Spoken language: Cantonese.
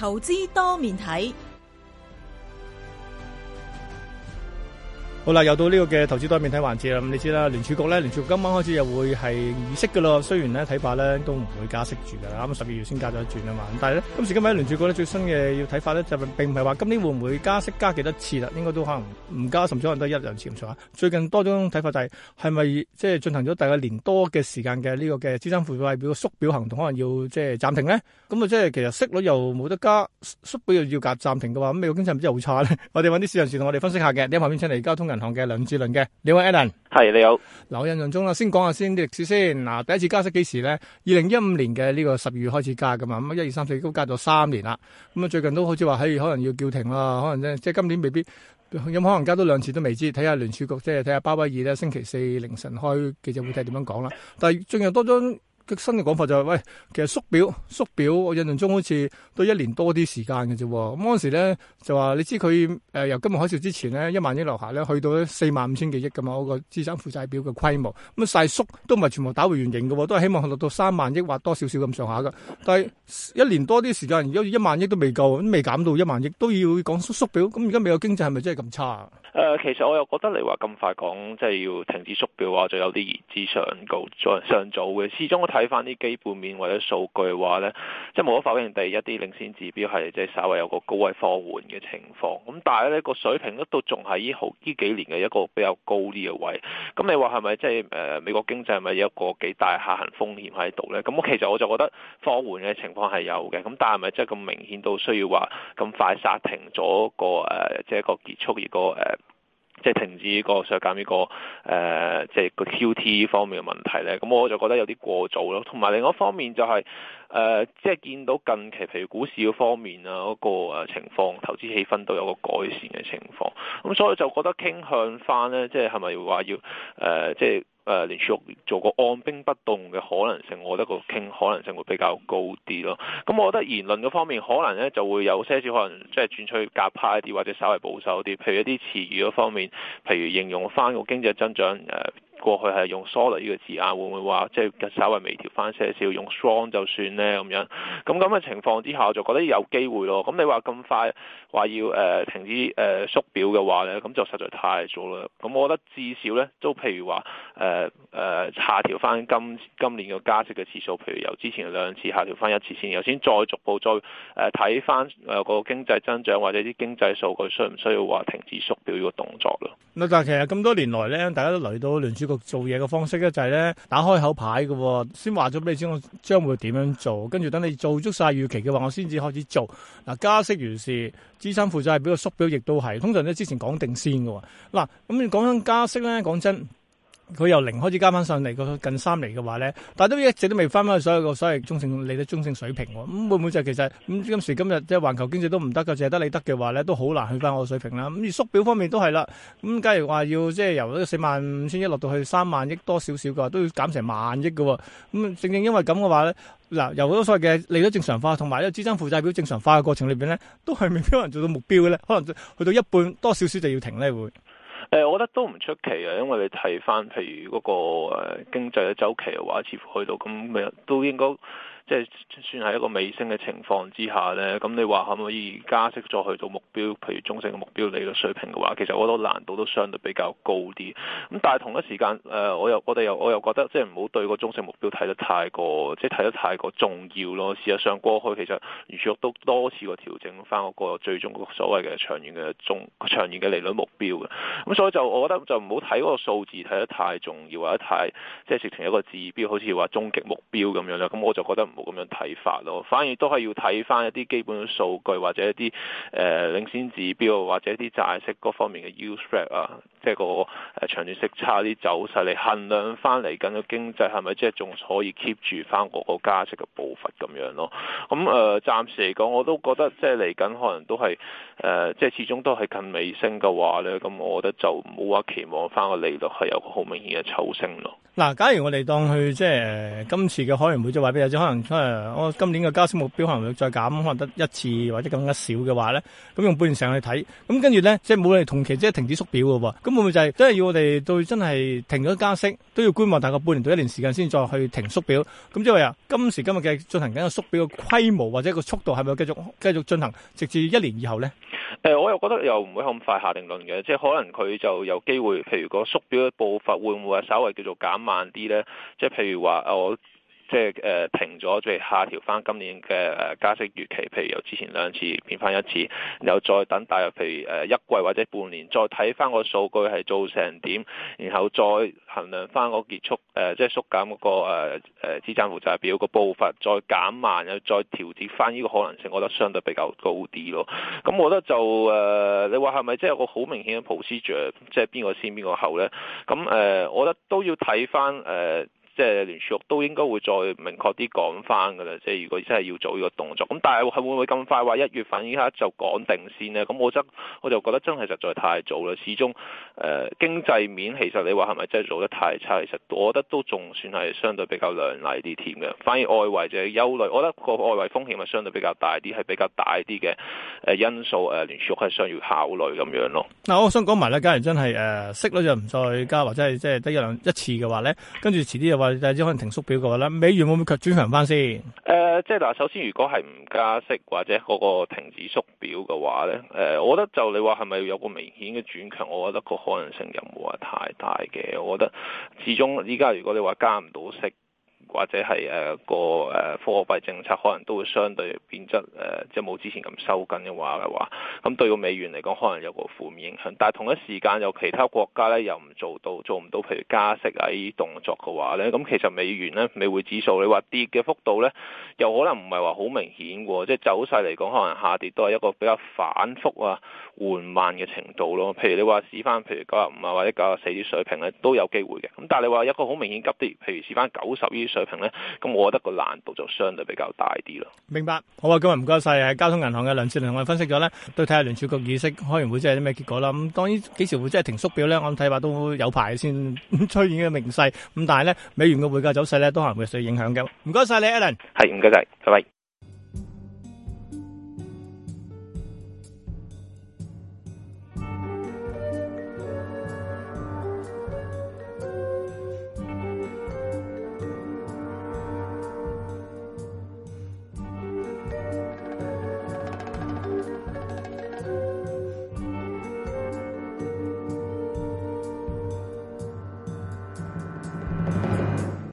投資多面睇。好啦，又到呢個嘅投資多面睇環節啦。咁、嗯、你知啦，聯儲局咧，聯儲局今晚開始又會係議息嘅咯。雖然咧睇法咧都唔會加息住嘅啦，咁十二月先加咗一轉啊嘛。但係咧，今時今日聯儲局咧最新嘅要睇法咧，就並唔係話今年會唔會加息加幾多次啦。應該都可能唔加，甚至可能都一兩次唔錯啊。最近多種睇法是是就係係咪即係進行咗大概年多嘅時間嘅呢個嘅資產負債表縮表行動，可能要即係暫停咧。咁啊，即係其實息率又冇得加，縮表又要夾暫停嘅話，咁美國經濟唔知又會差咧。 我哋揾啲市場人士同我哋分析下嘅。你喺下邊請嚟交通銀。同嘅梁志麟嘅，你位 Alan 係你好。嗱，我印象中啦，先講下先啲歷史先。嗱，第一次加息幾時咧？二零一五年嘅呢個十二月開始加噶嘛，咁一二三四都加咗三年啦。咁、嗯、啊，最近都好似話喺可能要叫停啦，可能即係今年未必咁，可能加多兩次都未知，睇下聯儲局即係睇下鮑威爾咧，星期四凌晨開記者會睇點樣講啦。但係最近多咗。新嘅講法就係、是、喂，其實縮表縮表，我印象中好似都一年多啲時間嘅啫。咁嗰陣時咧就話你知佢誒、呃、由金融海嘯之前咧一萬億樓下咧去到四萬五千幾億咁啊，我個資產負債表嘅規模咁細，縮都唔係全部打回原形嘅喎，都係希望落到三萬億或多少少咁上下噶。但係一年多啲時間，如果一萬億都未夠，都未減到一萬億，都要講縮縮表。咁而家美國經濟係咪真係咁差啊？誒、呃，其實我又覺得你話咁快講即係要停止縮表嘅話，就有啲言之尚早、尚早嘅。始終我睇翻啲基本面或者數據嘅話咧，即係冇得否認，第一啲領先指標係即係稍微有個高位放緩嘅情況。咁但係咧、那個水平都都仲係依好依幾年嘅一個比較高啲嘅位。咁你話係咪即係誒、呃、美國經濟係咪有一個幾大下行風險喺度咧？咁其實我就覺得放緩嘅情況係有嘅。咁但係咪即係咁明顯都需要話咁快殺停咗個誒、呃，即係一個結束依個誒？呃即係停止呢、這個削減呢、這個誒，即、呃、係、就是、個 QT 方面嘅問題咧，咁我就覺得有啲過早咯。同埋另外一方面就係、是、誒，即、呃、係、就是、見到近期譬如股市方面啊嗰個情況，投資氣氛都有個改善嘅情況，咁所以就覺得傾向翻咧，即係係咪話要誒即係？呃就是誒、啊、聯儲局做個按兵不動嘅可能性，我覺得個傾可能性會比較高啲咯。咁、嗯、我覺得言論嗰方面，可能咧就會有些少可能即係轉趨夾派一啲，或者稍為保守啲。譬如一啲詞語嗰方面，譬如形容翻個經濟增長誒。呃過去係用 solid 呢個字眼，會唔會話即係稍微微調翻些少，用 strong 就算呢？咁樣？咁咁嘅情況之下，我就覺得有機會咯。咁你話咁快話要誒、呃、停止誒、呃、縮表嘅話咧，咁就實在太早啦。咁我覺得至少咧，都譬如話誒誒下調翻今今年嘅加息嘅次數，譬如由之前兩次下調翻一,一次先，由先再逐步再誒睇翻誒個經濟增長或者啲經濟數據需唔需要話停止縮表呢個動作啦。嗱，其實咁多年來咧，大家都留意到聯儲做嘢嘅方式咧就係咧打開口牌嘅，先話咗俾你知我將會點樣做，跟住等你做足晒預期嘅話，我先至開始做。嗱，加息如是資產負債表個縮表，亦都係通常咧之前講定先嘅。嗱，咁你講緊加息咧，講真。佢由零開始加翻上嚟，個近三厘嘅話咧，但係都一直都未翻翻去所有個所謂中性、利率中性水平喎。咁會唔會就係其實咁今時今日即係環球經濟都唔得嘅，淨係得你得嘅話咧，都好難去翻我嘅水平啦。咁而縮表方面都係啦。咁假如話要即係由嗰四萬五千億落到去三萬億多少少嘅話，都要減成萬億嘅。咁正正因為咁嘅話咧，嗱，由嗰個所謂嘅利率正常化同埋一個資產負債表正常化嘅過程裏邊咧，都係未必有人做到目標咧，可能去到一半多少少就要停咧會。誒、嗯，我覺得都唔出奇啊，因為你睇翻譬如嗰個誒經濟嘅周期嘅話，似乎去到咁，都應該。即係算係一個尾聲嘅情況之下呢，咁你話可唔可以加息再去到目標，譬如中性嘅目標利率水平嘅話，其實我覺得難度都相對比較高啲。咁但係同一時間，誒，我又我哋又我又覺得即係唔好對個中性目標睇得太過，即係睇得太過重要咯。事實上過去其實完全都多次過調整翻個最終所謂嘅長遠嘅中長遠嘅利率目標嘅。咁所以就我覺得就唔好睇嗰個數字睇得太重要或者太即係直情一個指標，好似話終極目標咁樣啦。咁我就覺得。咁樣睇法咯，反而都係要睇翻一啲基本數據，或者一啲誒、呃、領先指標，或者一啲債息各方面嘅 yield rate 啊，即係個誒長短息差啲走勢嚟衡量翻嚟緊嘅經濟係咪即係仲可以 keep 住翻嗰個加息嘅步伐咁樣咯。咁、嗯、誒、呃，暫時嚟講，我都覺得即係嚟緊可能都係誒、呃，即係始終都係近尾聲嘅話咧，咁我覺得就冇話期望翻個利率係有個好明顯嘅抽升咯。嗱、啊，假如我哋當去即係、呃、今次嘅海員會，就係話俾你知，可能誒、呃，我今年嘅加息目標可能會再減，可能得一次或者更加少嘅話咧，咁、嗯、用半年成去睇，咁跟住咧，即係冇我哋同期即係停止縮表嘅喎，咁會唔會就係、是、真係要我哋到真係停咗加息都要觀望大概半年到一年時間先再去停縮表？咁、嗯、即係話今時今日嘅進行緊嘅縮表嘅規模或者個速度係咪繼續繼續進行，直至一年以後咧？誒、呃，我又覺得又唔會咁快下定論嘅，即係可能佢就有機會，譬如個縮表嘅步伐會唔會係稍微叫做減慢啲咧？即係譬如話啊我。呃即係誒停咗，再下調翻今年嘅誒、呃、加息預期，譬如由之前兩次變翻一次，然後再等大約譬如誒、呃、一季或者半年，再睇翻個數據係做成點，然後再衡量翻個結束誒、呃，即係縮減嗰、那個誒誒、呃、資產負債表個步伐，再減慢，又再調節翻呢個可能性，我覺得相對比較高啲咯。咁、嗯、我覺得就誒、呃，你話係咪即係有個好明顯嘅 position，即係邊個先邊個後咧？咁、嗯、誒、呃，我覺得都要睇翻誒。呃呃呃即係聯儲局都應該會再明確啲講翻㗎啦，即係如果真係要做呢個動作，咁但係係會唔會咁快話一月份依家就講定先呢？咁我覺得，我就覺得真係實在太早啦。始終誒、呃、經濟面其實你話係咪真係做得太差？其實我覺得都仲算係相對比較良麗啲添嘅。反而外圍就係憂慮，我覺得個外圍風險係相對比較大啲，係比較大啲嘅誒因素誒聯儲局係需要考慮咁樣咯。嗱，我想講埋呢，假如真係誒、呃、息率就唔再加，或者係即係得一兩一次嘅話呢，跟住遲啲又話。就只可能停縮表嘅話咧，美元會唔會卻轉強返先？誒、呃，即係嗱，首先如果係唔加息或者嗰個停止縮表嘅話咧，誒、呃，我覺得就你話係咪有個明顯嘅轉強？我覺得個可能性又冇話太大嘅。我覺得始終依家如果你話加唔到息。或者係誒個誒貨幣政策可能都會相對變質，誒、呃，即係冇之前咁收緊嘅話嘅話，咁對個美元嚟講可能有個負面影響。但係同一時間有其他國家咧又唔做到做唔到譬如加息啊呢啲動作嘅話咧，咁其實美元咧，美匯指數你話跌嘅幅度咧，又可能唔係話好明顯，即係走勢嚟講可能下跌都係一個比較反覆啊緩慢嘅程度咯。譬如你話試翻譬如九十五啊或者九十四啲水平咧，都有機會嘅。咁但係你話一個好明顯急跌，譬如試翻九十以上，水平咧，咁我覺得個難度就相對比較大啲咯。明白，好啊，今日唔該曬，係交通銀行嘅梁志麟，同我哋分析咗咧，都睇下聯儲局議息開完會即係啲咩結果啦。咁當然幾時會即係停縮表咧，我諗睇法都有排先出現嘅名勢。咁但係咧，美元嘅匯價走勢咧都可能會受影響嘅。唔該曬你，Alan。係，唔該曬，拜拜。